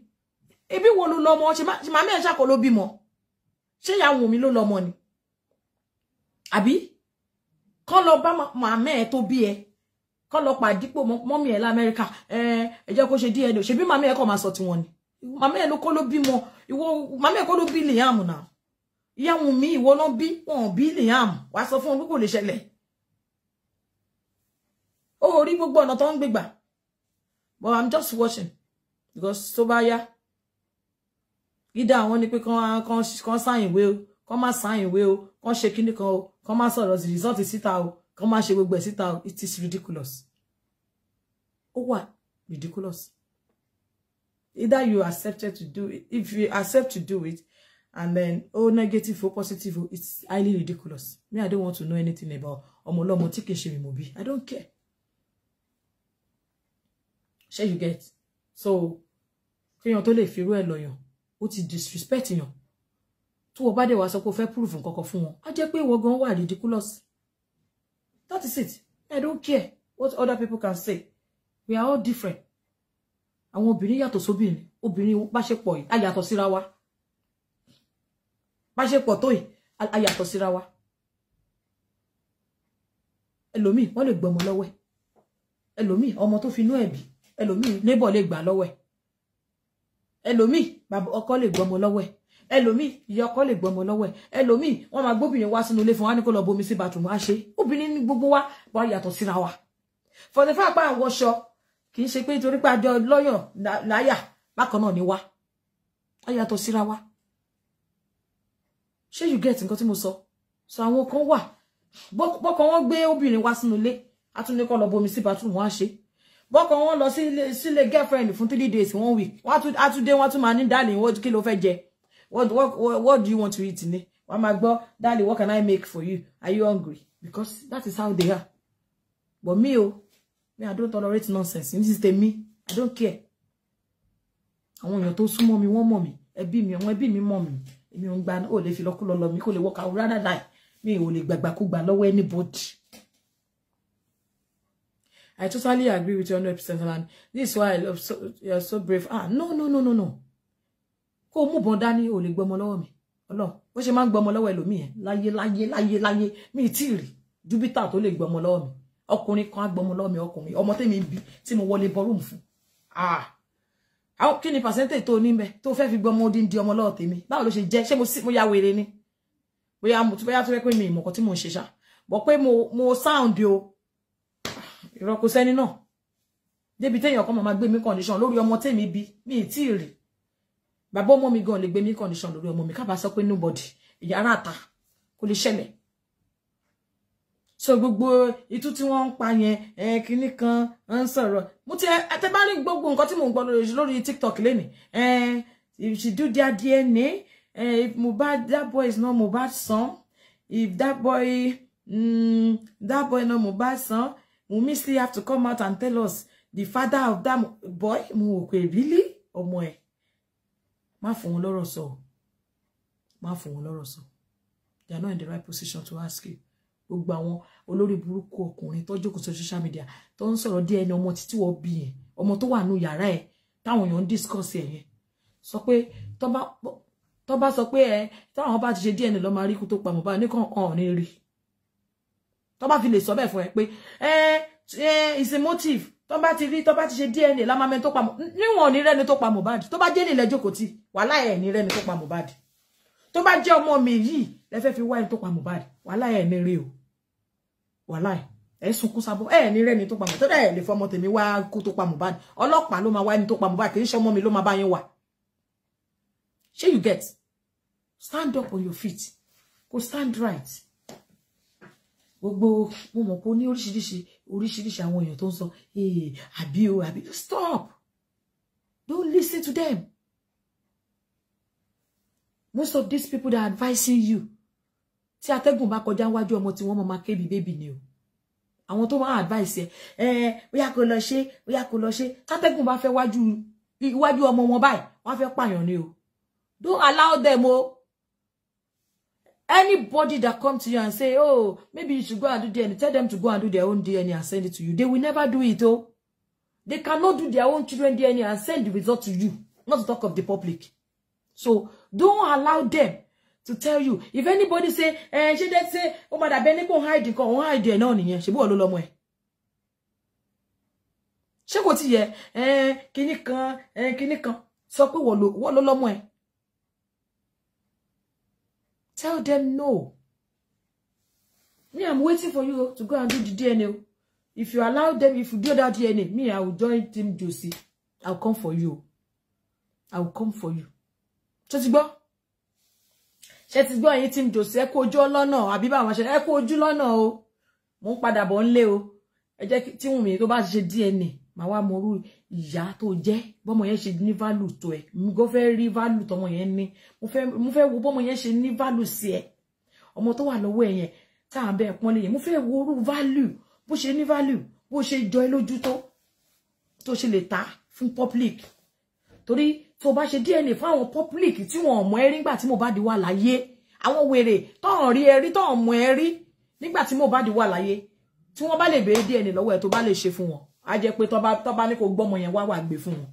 ebi wo ló lọ́mọ ṣe màmá ẹ̀ ṣàkó ló bímọ ṣé ìyá wùn mi ló lọ́mọ ni àbí kọ́ lọ bá màmá ẹ̀ tó bí ẹ kọ́ lọ pa dípò mọ́mí ẹ̀ lamẹ́ríkà ẹ jẹ́ kó ṣe dna ṣebí màmá ẹ̀ kọ́ máa sọ tiwọn ni màmá ẹ̀ ló kọ́ ló bímọ ìwọ màmá ẹ̀ kọ́ ló bí Liam náà ìyá wọn mi ìwọ ló bí wọn bí Liam wàá sọ fún wọn pé kò lè ṣẹlẹ̀ ó rí gbogbo ọ̀nà tó ń gbégbà but i'm just watching because tó bá yá ìdá àwọn ni pé kán sáyìn ìwé o kán má sáyìn ìwé o kán ṣe kíní kan o Come máa sọ̀rọ̀ sí result síta o kọ́ máa ṣe gbogbo ẹ̀ síta o it is ridiculous ó wà ridiculous either you accepted to do it if you accept to do it and then oh negative oh positive oh, it's highly ridiculous me i don't want to know anything about ọmọlọmọ tí kìí ṣe mi mo i don't care Share you get so can you tell lè fi irú ẹ̀ lọyàn What is disrespecting you? tó o bá dẹ̀ wá sọ pé o fẹ́ prove nǹkan kan fún wọn á jẹ́ pé ìwọ gan wà ridiculous that is it I don't care what other people can say we are all different àwọn obìnrin yàtọ̀ sóbìnrin obìnrin bá ṣe pọ̀ yìí a yàtọ̀ síra wa bá ṣe pọ̀ tó yìí a yàtọ̀ síra wa ẹlòmíì wọ́n lè gbọmọ lọ́wọ́ ẹ̀ ẹlòmíì ọmọ tó finú ẹ̀bì ẹlòmíì neighbor lè gbà lọ́wọ́ ẹ̀ ẹlòmíì ọkọ lè gbọmọ lọ́wọ́ ẹ̀ ẹlòmíì ìyá ọkọ lè gbọmọ lọ́wọ́ ẹ ẹlòmíì wọn máa gbóbìnrin wá sínú ilé fún wa ní kó lọ bomi sí bàtùmù á ṣe obìnrin ní gbogbo wa wá yàtọ̀ síra wa fọdẹfà pa àwọṣọ kì í ṣe pé nítorí pé àjọ lọ́yàn láyà bákan náà ni wá á yàtọ̀ síra wa ṣé you get nǹkan tí mo sọ so àwọn kan wà bọ́kàn wọn gbé obìnrin wá sínú ilé á tún ní kó lọ bomi sí bàtùmù á ṣe bọ́kọ̀ wọn lọ sílé girlfriend fún three days one week wọ́n á tún dé wọ́n tún máa ní darling wọ́n kí ló fẹ́ jẹ what what what, do you want to eat ni wàá máa gbọ́ Daddy. what can i make for you are you hungry because that is how they are but me oh, me i don't tolerate nonsense this is the me. i don't care àwọn èèyàn tó súnmọ́ mi wọ́n mọ̀ mi ẹbí mi àwọn ẹbí me, mommy. mi èmi ban ń gba ó lè Me call lọ mi kò lè walk out rárá láì mi ò No way, lọ́wọ́ anybody. I totally agree with you 100% and this is why I love so, you're so brave. Ah, no, no, no, no, no kó o mú bọ́n dání ò lè gbọmọ lọ́wọ́ mi ọlọ́run bó ṣe máa ń gbọmọ lọ́wọ́ ẹlòmíì yẹn láyé láyé láyé láyé mi tí ì rí júpítà tó lè gbọmọ lọ́wọ́ mi ọkùnrin kan á gbọmọ lọ́wọ́ mi ọkùnrin ọmọ tèmi bí tí mo wọlé bọ́rùm fún ah kí ni percentage tó ní bẹ tó fẹ́ fi gbọmọ odindi ọmọ lọ́wọ́ tèmi báwo ló ṣe jẹ́ ṣé mo ya wèrè ni bóyá mo tún bóyá tó fẹ́ pé mi ìmọ̀ kan tí mo ń ṣe ṣá bọ̀ pé mo mo sound o ìrọ̀kù ah, sẹ́ni náà débi téèyàn kan máa gbé mi condition lórí ọmọ tèmi bí mi ì tí ì rí bàbá ọmọ mi gan lè gbé mi condition lórí ọmọ mi ká bá sọ pé nobody ìyá ara ta kò lè so gbogbo itú tí wọ́n ń pa yẹn ẹ kinní kan ń sọ̀rọ̀ mo ti ẹ bá ní gbogbo nǹkan tí mò ń gbọ́ tiktok lẹ́nìí ẹ if she do their dna uh, if Mohbad that boy is not Mohbad son if that boy mm, that boy not Mohbad son we still have to come out and tell us the father of that boy mo wò pé really ọmọ ẹ̀ Ma fún wọn lọ́rọ̀ sọ má fún wọn lọ́rọ̀ sọ they are not in the right position to ask you gbogbo àwọn olórí burúkú ọkùnrin tó jókòó social media tó ń sọ̀rọ̀ díẹ̀ ní ọmọ títí wọ́n bí yẹn ọmọ tó wà nù yàrá ẹ̀ táwọn èèyàn ń discuss ẹ̀ yẹn sọ pé tó bá sọ pé ẹ táwọn bá ti ṣe díẹ̀ ní lọ́ máa rí ikú tó pa Mohbad nìkan ọ̀hún ní rí tó bá fi lè sọ bẹ́ẹ̀ fún ẹ pé ẹ ẹ is a motive tó bá ti rí tó bá ti ṣe DNA la máa mẹ́ni tó pa Mohbad níwọ̀n ní rẹ́ni tó pa Mohbad tó bá jẹ́ nílẹ̀ jókòó tí wàláhì ẹ̀ ní rẹ́ni tó pa Mohbad tó bá jẹ́ ọmọ mi yìí lẹ fẹ́ fi wá ẹni tó pa Mohbad wàláhì ẹ̀ ní rí o wàláhì ẹ̀ sunkún sábọ̀ ẹ̀ ní rẹ́ni tó pa Mohbad tó dẹ̀ lè fọmọ tèmi wá kó tó pa Mohbad ọlọ́pàá ló máa wá ẹni tó pa Mohbad kì í ṣe ọmọ mi ló máa bá yín wà ṣé you get stand up on your feet go stand right gbogbo mo mọ̀ pé ó ní oríṣiríṣi oríṣiríṣi àwọn èèyàn tó ń sọ ee àbí o àbí stop don't listen to them most of these people that are advising you tí atẹ́gùn bá kọjá wájú ọmọ tí wọ́n mọ̀ máa kébi bébì ni o àwọn tó máa advice ẹ ẹ bóyá kò lọ ṣe bóyá kò lọ ṣe tátẹ́gùn bá fẹ́ wájú iwájú ọmọ wọn báyìí wọ́n fẹ́ pààyàn ni o don't allow them o. Oh. Anybody that come to you and say, oh, maybe you should go and do DNA, tell them to go and do their own DNA and send it to you. They will never do it, oh. They cannot do their own children DNA and send the result to you. Not to talk of the public. So don't allow them to tell you. If anybody say, eh, she did say, oh, my, but I been hide it, go hide it, no, no, she won't allow ṣé kò ti yẹ you eh, kinní kan ẹ eh, kinní kan sọ pé wọ́n ló lọ́mọ ẹ̀ Tell them no. Me, I'm waiting for you to go and do the DNA. If you allow them, if you do that DNA, me, I will join Team Josie. I'll come for you. I will come for you. Ṣé ti gbọ́? Ṣé ti gbọ́ Team Josie? Ẹ kú ojú lọ́nà àbí báwọn ṣe ẹ kú ojú lọ́nà o. Mo ń padà bọ̀ ń DNA màá wá mọ orú ìyá tó jẹ́ bọ́mọ yẹn ṣe ní value tó ẹ̀ mo fẹ́ rí value tọmọ yẹn ní mo fẹ́ wo bọ́mọ yẹn ṣe ní value sí ẹ̀ ọmọ tó wà lọ́wọ́ ẹ̀ yẹn tá à ń bẹ́ẹ̀ mo fẹ́ wo orú value bó ṣe ní value bó ṣe jọ ẹ́ lójú tó tó ṣe lè ta fún public torí tó bá ṣe DNA fún àwọn public tí wọn ò mọ ẹ rí mo bá di wà láyé àwọn wèrè tọ̀hún rí ẹ rí tọ̀hún mọ ẹ rí mo bá di wà láyé tí wọ́n bá lè béèrè DNA lọ́wọ́ ẹ tó bá lè ṣe fún wọn a jẹ́ pé tọ́ba tọ́ba ní kò gbọ́mọ yẹn wá wà gbé fún wọn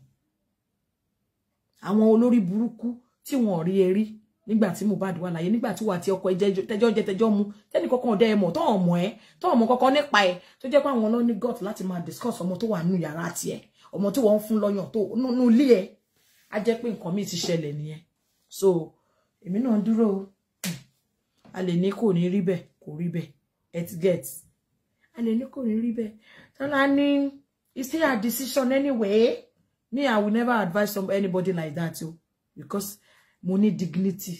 àwọn olórí burúkú tí wọn ò rí erí nígbà tí Mohbad wà láyé nígbà tí wà tí ọkọ tẹjọ jẹ tẹjọ mu tẹnì kankan ọdẹ ẹ mọ tọ ọmọ ẹ tọ ọmọ kankan nípa ẹ tó jẹ́ pé àwọn ọlọ́ni gut láti máa discuss ọmọ tó wà nù yàrá tiẹ ọmọ tí wọ́n ń fún lọ́yàn tó nù ilé ẹ á jẹ́ pé nǹkan míì ti ṣẹlẹ̀ nìyẹn so èmi náà dúró o a lè ní kò ní rí bẹ́ẹ̀ kò rí bẹ́ẹ̀ etiquette a lè ní kò ní rí bẹ́ẹ̀ Tọ́lá ní it's still her decision anyway. Me, I will never advise some anybody like that o oh. because mo ní dignity.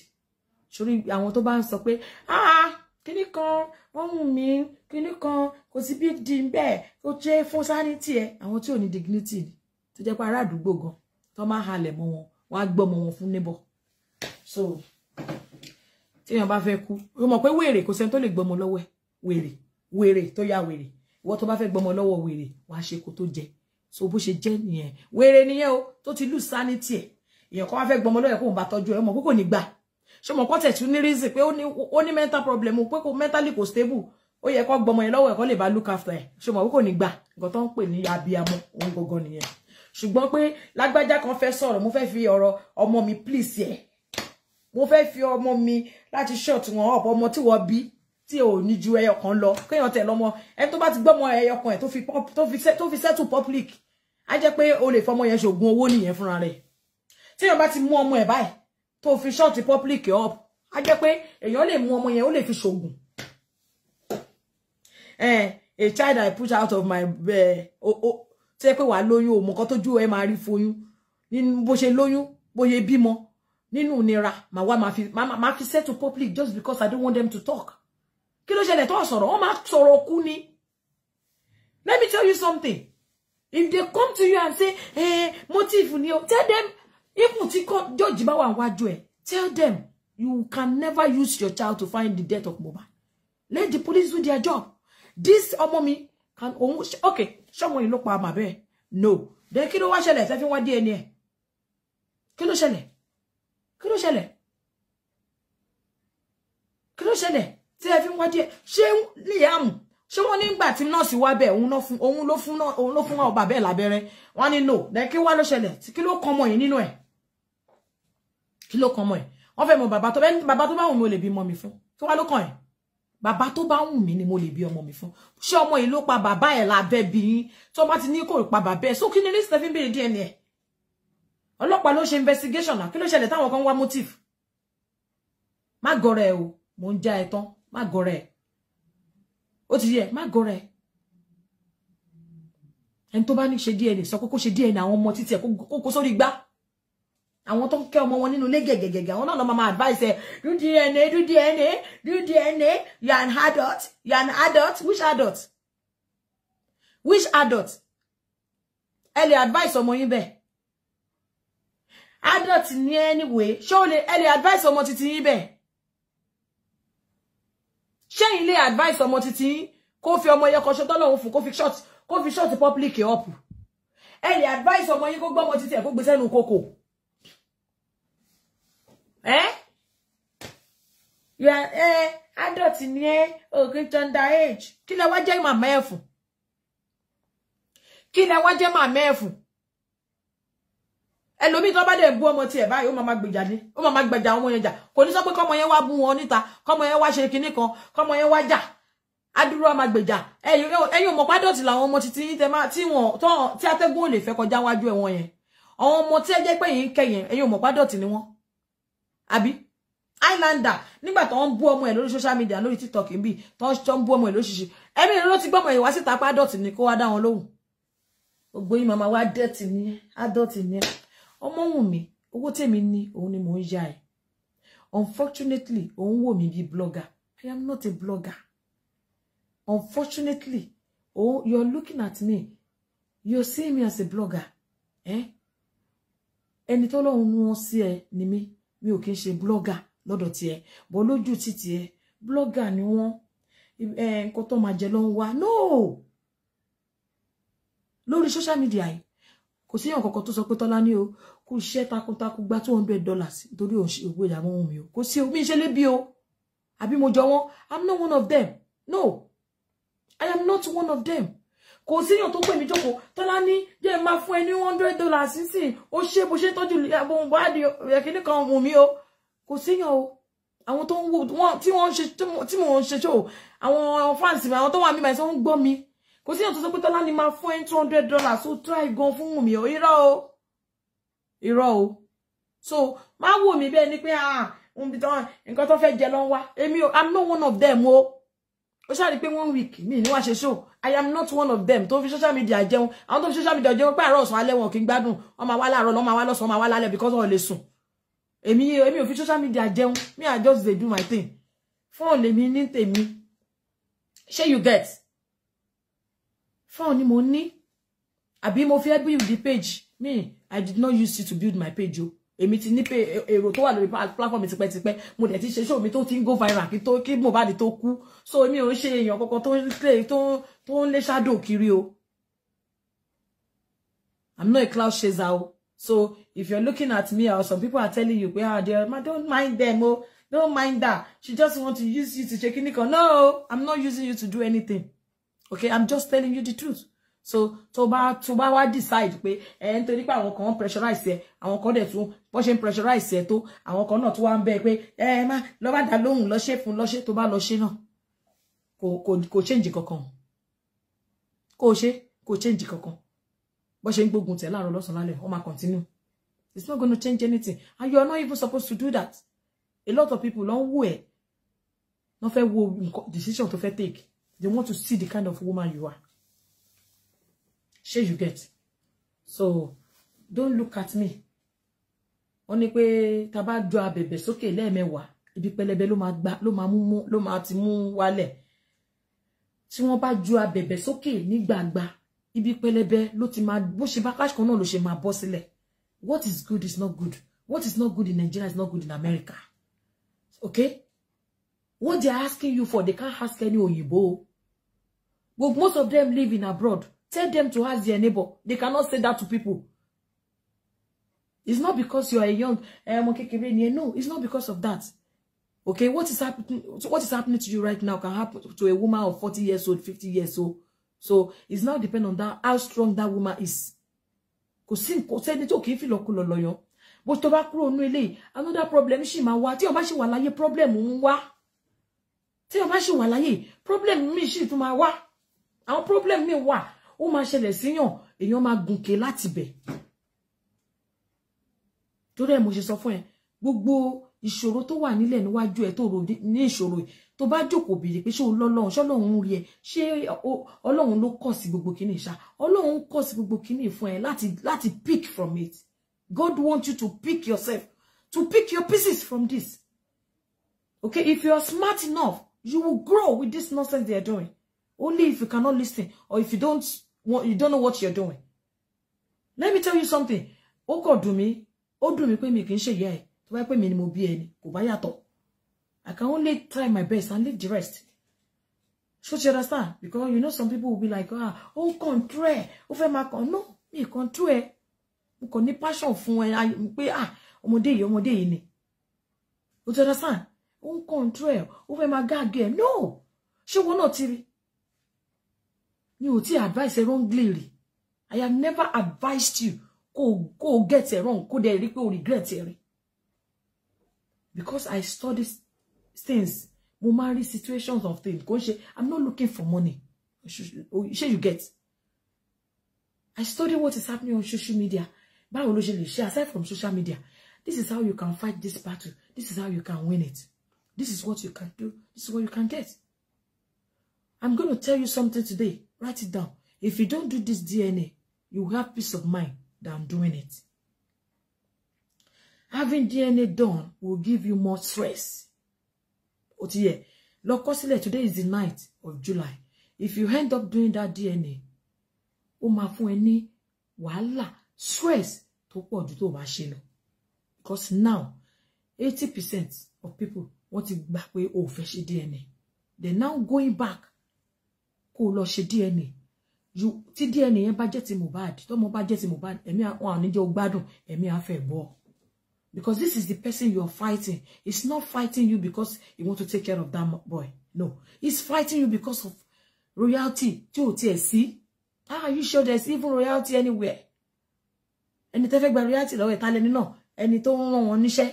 Sori àwọn tó bá ń sọ pé ah kíní kan wọ́n mú Can you come? kò it's big deal bẹ́ẹ̀ kò jẹ́ fún sanity ẹ̀ àwọn tí ò ní dignity tó jẹ́ pé ará àdúgbò gan tó máa halẹ̀ mọ́ wọn wọ́n á gbọ́mọ wọn fún neighbor so téèyàn bá fẹ́ kú o mọ̀ pé wèrè kò sẹ́ni tó lè gbọ́mọ lọ́wọ́ ẹ̀ wèrè wèrè tó ya wèrè wọ́n tó bá fẹ́ gbọmọ lọ́wọ́ wèrè wàá ṣe kó tó jẹ so bó ṣe jẹ́ nìyẹn wèrè nìyẹn o tó ti lù sanity ẹ̀ èèyàn kan wá fẹ́ gbọmọ lọ́yẹ̀ kó ń bá tọ́jú ẹ̀ mọ̀ pé kò ní gbà ṣé mọ̀ kọ́tẹ̀ tún ní reason pé ó ní mental problem pé kò mentally kò stable ó yẹ kó gbọmọ yẹn lọ́wọ́ ẹ̀ kó lè bá look after ẹ̀ ṣé mọ̀ pé kò ní gbà nǹkan tó ń pè ní abiyamọ òun gangan nìyẹn ṣùgbọ́n pé lágbájá kan fẹ́ sọ̀rọ̀ mo fẹ́ fi ọ̀rọ̀ ọmọ mi please ẹ̀ mo fẹ́ fi ọmọ mi láti short wọn ọ̀pọ̀ ọmọ tí wọ́n bí tí ò ní ju ẹyọ kan lọ kéèyàn tẹ̀ lọ́mọ ẹni tó bá ti gbọ́mọ ẹyọ kan ẹ̀ to fi settle public á jẹ́ pé o lè fọmọ yẹn ṣògùn owó nìyẹn fúnra rẹ̀ téèyàn bá ti mú ọmọ ẹ̀ báyìí tó fi ṣọ́ọ̀tì public up á jẹ́ pé èèyàn lè mú ọmọ yẹn ó lè fi ṣògùn. a child I push out of my bed. ṣe pé wàá lóyún òmò kan tójú ẹ máa rí foyún bó ṣe lóyún bó ṣe bímọ nínú ìnira màá wá máa fi settle public just because I don't want them to talk Kilo ló ṣẹlẹ̀ tó sọ̀rọ̀ wọ́n máa sọ̀rọ̀ kú let me tell you something if they come to you and say eh motive ni o tell them if tí kò judge bá wa wájú ẹ tell them you can never use your child to find the death of Mohbad let the police do their job this ọmọ can kan okay ṣọmọ yìí ló pa àmà bẹ́ẹ̀ no then kilo wa wá ṣẹlẹ̀ fẹ́ fi wá Kilo ẹ̀ Kilo ló Kilo kí ló ṣẹlẹ̀ tí ẹ fi ń wá díẹ̀ ṣé Liam ṣé wọ́n nígbà tí nọ́ọ̀sì wá bẹ̀ òun ló fún òun ló fún ọba bẹ́ẹ̀ lábẹ́rẹ́ wọ́n ní no then kí wá ló ṣẹlẹ̀ kí ló kàn ọmọ yìí nínú ẹ̀ kí ló kàn ọmọ ẹ̀ wọ́n fẹ́ mọ bàbá tó bàbá tó bá wù mí ó lè bí ọmọ mi fún kí wá ló kàn ẹ̀ bàbá tó bá wù mí ni mo lè bí ọmọ mi fún ṣé ọmọ yìí ló pa bàbá ẹ̀ lábẹ́ bí yín tó bá ti ní kò pa bàbá ẹ̀ so kí ni nísìnyí fi ń béèrè díẹ̀ ni ẹ̀ ọlọ́pàá ló ṣe investigation náà kí ló ṣẹlẹ̀ táwọn kan wá motive má gọrẹ o mò ń já ẹ tán má gọrẹ ó ti yẹ má gọrẹ ẹni tó bá ní ṣe DNA sọ pé kó ṣe DNA àwọn ọmọ títí ẹ kó sórí gbá àwọn tó ń kẹ́ ọmọ wọn nínú ilé gẹ̀gẹ̀gẹ̀gẹ̀ àwọn náà lọ máa advice ẹ do DNA do DNA do DNA you are an adult you are an adult which adult which adult ẹ lè advice ọmọ yín bẹ́ẹ̀ adult ní anyway ṣé o lè ẹ lè advice ọmọ títí yín bẹ́ẹ̀ ṣẹ́yìn lè advice ọmọ títí kó fi ọmọ yẹn kan ṣe tọ́lọ́run fún kó fi short kó fi short public up ẹ lè advice ọmọ yín kó gbọ́ ọmọ títí ẹ̀ kó gbé sẹ́nu kòkò ẹ́ yà ẹ́ adult ni ẹ́ ògùn tó underage kí lẹ wá jẹ́ màmá ẹ̀ fún kí lẹ wá jẹ́ màmá ẹ̀ fún ẹlòmíì tó bá dẹ̀ bú ọmọ tiẹ̀ báyìí ó máa gbèjà ní ó máa gbèjà ọmọ yẹn jà kò ní sọ pé kọ́mọ yẹn wá bú wọn níta kọ́mọ yẹn wá ṣe kinní kan kọ́mọ yẹn wá jà adúrú ọmọ gbèjà ẹ̀yin ọmọ pádọ̀tì làwọn ọmọ titi yín tẹ máa tí wọn tí atẹ́gùn ò lè fẹ́ kọjá wájú ẹ̀ yẹn àwọn ọmọ tí ẹ jẹ́ pé yín kẹyìn ẹ̀yin ọmọ pádọ̀tì ni wọn àbí islander nígbà tó ń bú ọmọ ẹ̀ lórí social media lórí tiktok ń bì tó ń bú ọmọ ẹ̀ lóṣìṣì ẹ̀mí ló ti gbọ́mọ ìwá síta pádọ̀tì ni kó wá dá wọn lóhùn gbogbo yín màmá wá dẹ́tì ni adọ́tì ni ẹ̀ ọmọ wù mí owó tèmi ní òun ni mò ń yá ẹ unfortunately òun wò mí bíi blogger I am not a blogger unfortunately oh you are looking at me you are seeing me as a blogger eh? ẹni tó lọ́hùn wọn sí ẹ ni mí mi ò kí ń ṣe blogger lọ́dọ̀ tiẹ̀ bọ́ lójú títì ẹ blogger ni wọ́n nǹkan tó máa jẹ ló ń no lórí social media yìí kò sí èèyàn kankan tó sọ pé tọ́lá ní o kò ṣiṣẹ́ takuntakun gba two hundred dollars nítorí òun ṣe ògbó ìdààmú ohun mi o kò sí omi ìṣe lébi o àbí mo jọ wọn i'm not one of them no i am not one of them kò sí èèyàn tó pè mí jókòó tọ́lá ní jẹ́ máa fún ẹ ní one hundred dollars sísìn ó ṣe bó ṣe tọ́jú àbòmùbá ẹ̀kíní kan ohun mi o kò sí èèyàn o àwọn tó ń wò tí wọ́n ń ṣe tí mò ń ṣe ṣó àwọn fans mi àwọn tó wà mí báyìí tó ń gbọ́ mi kò sí ìyàtọ̀ sọ pé tọ́lá ni máa fún ẹ two hundred dollars ó try gan fún wùmí o irọ́ o irọ́ o so má wù mí bẹ́ẹ̀ ni pé ah, nǹkan tó fẹ́ jẹ ló wá èmi o i'm not one of them o ó ṣáà rí pé one week mi ní wàá ṣe show i am not one of them tó fi social media jẹun àwọn tó fi social media jẹun pé àárọ̀ ọ̀sán alẹ́ wọn kì í gbádùn wọn máa wá láàárọ̀ lọ́ máa wá lọ́sàn-án máa wá lálẹ́ because wọn lè sùn èmi èmi ò fi social media jẹun me i just dey do my thing fóònù lèmi ní tèmi ṣé you get fóònù ni mo ní àbí mo fẹ́ build the page me i did not use it to build my page o èmi ti ní pé e, èrò tó wà lórí platform tipẹ́tipẹ́ mo dẹ̀ ti ṣe show mi tó ti go viral kí tó kí Mohbad tó kú so èmi ò ń ṣe èèyàn kankan tó ń lé tó ń lé shadow kiri o i'm not a cloud chaser o so if you're looking at me or some people are telling you where ah dear ma don't mind them Oh, don't mind that she just want to use you to check kíní kan no i'm not using you to do anything okay i'm just telling you the truth so tó bá tó bá wá decide pé ẹ eh, nítorí pé àwọn kan pressurize ẹ àwọn kan dẹ̀ tún bó ṣe pressurize ẹ tó àwọn kan náà tó wá ń bẹ pé ẹ eh, má lọ bá dá lóhùn lọ ṣe fún lọ ṣe tó bá lọ ṣe náà kò kò kò change kankan kò ṣe kò change kankan bó ṣe ń gbógun tẹ̀ láàárọ̀ lọ́sàn-án lálẹ́ continue it's not going to change anything and you are not even supposed to do that a lot of people don't ń wò ẹ́ ló fẹ́ wo decision tó fẹ́ take They want to see the kind of woman you are. Share you get. So, don't look at me. Wọ́n taba pé bebe, soke bá ju abẹ̀bẹ̀ sókè lẹ́ẹ̀mẹ́wàá, ibi pẹlẹbẹ ló máa lo ma mu mú ló máa ti mú wálẹ̀. Tí wọ́n bá ju abẹ̀bẹ̀ sókè ní gbàgbà, ibi pẹlẹbẹ lo ti máa bó ṣe bá káṣkan náà ló ṣe máa bọ́ sílẹ̀. What is good is not good. What is not good in Nigeria is not good in America. Okay? What they are asking you for, they can't ask any on you, Òyìnbó. But most of them live in abroad. Tell them to ask their neighbor. They cannot say that to people. It's not because you are a young eh, no, it's not because of that. Okay, what is happening what is happening to you right now can happen to a woman of 40 years old, 50 years old. So it's now depend on that how strong that woman is. Because sí nǹkan sẹ́ni tó kìí fìlọ̀ kú lọ lọ́yọ́. Bó tó bá another problem She ma wa ti o bá problem ń Ti Tí o bá problem mi she tún ma wa àwọn problem mi wà ó máa ṣẹlẹ̀ síyàn èèyàn máa gùnkè láti bẹ̀ torí ẹ̀ mo ṣe sọ fún ẹ gbogbo ìṣòro tó wà nílẹ̀ níwájú ẹ tó rò ní ìṣòro tó bá jókòó bèrè pé ṣé o lọ́lọ́run ṣé ọlọ́run rí ẹ ṣé ọlọ́run ló kọ̀ sí gbogbo kíní ṣá ọlọ́run kọ̀ sí gbogbo kíní fún ẹ láti láti pick from it God wants you to pick yourself to pick your pieces from this okay if you are smart enough you will grow with this nonsense they are doing Only if you cannot listen or if you don't want, you don't know what you're doing. Let me tell you something. Ó kò dùn mí, ó dùn mí pé mi kì í ṣe ìyá ẹ̀, tó bá pé mi ni mo bí ẹni, kò bá yàtọ̀. I can only try my best and leave the rest. So you understand? Because you know some people will be like, ah, ó control, ó fẹ́ máa kàn. No, mi control ẹ. Mo kàn ní passion fún ẹ, pé ah, ọmọdé yìí, ọmọdé yìí ni. You understand? Ó control, ó fẹ́ máa gàgẹ̀. No! she wọn not ti You ò tí advice ẹ wrongly rí i have never advised you go go get ẹ wrong go there rí pé regret it. because i study things mo situations of things ṣe i'm not looking for money ṣé you get i study what is happening on social media báwo ló aside from social media this is how you can fight this battle this is how you can win it this is what you can do this is what you can get i'm going to tell you something today Write it down. If you don't do this DNA, you have peace of mind that I'm doing it. Having DNA done will give you more stress. Otiye, Lokosile, today is the night of July. If you end up doing that DNA, ó máa fún ẹ stress tó pọ̀ to tó bá ṣe because now eighty percent of people want to back pé or ò DNA They're now going back kó lọ ṣe DNA you tí DNA yẹn bá jẹ́ ti Mohbad tọ́mọ bá jẹ́ ti Mohbad ẹ̀mí àwọn àníjẹ́ ó gbádùn ẹ̀mí àfẹ́ bọ́ because this is the person you are fighting it's not fighting you because you want to take care of that boy no it's fighting you because of royalty tí o tiẹ̀ sí how ah, are you sure there's even royalty anywhere ẹni tẹ́ fẹ́ gba royalty lọ́wọ́ ìtàlẹ́ni náà ẹni tó ń rán wọn níṣẹ́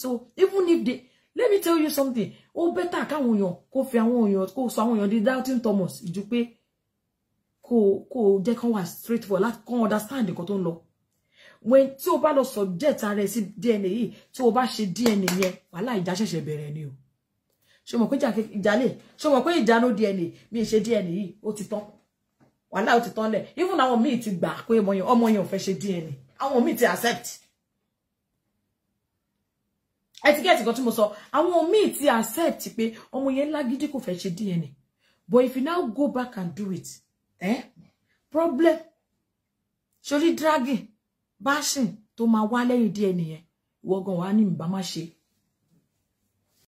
so even if they let me tell you something ó bẹ́tà káwọn èèyàn kó fi àwọn èèyàn kó sọ àwọn èèyàn di doubting Thomas ju pé kó kó jẹ́ kán wà straight for láti kán understand nǹkan tó ń lọ when tí o bá lọ subject ara ẹ sí DNA yìí tí o bá ṣe DNA yẹn wàhálà ìjà ṣẹ̀ṣẹ̀ bẹ̀rẹ̀ ni o ṣe mọ̀ pé ìjàlè ṣe mọ̀ pé ìjánu DNA mi ṣe DNA yìí ó ti tán wàhálà ó ti tán lẹ̀ even àwọn míì ti gbà pé ọmọ yẹn ò fẹ́ ṣe DNA àwọn míì ti accept etiquette kan tí mo sọ àwọn míì ti accept pé ọmọ yẹn lágídí kò fẹ́ ṣe DNA but if you now go back and do it eh problem sori dragging bashing tó máa wá lẹ́yìn DNA yẹn ìwọ gan wà ní ìbá má ṣe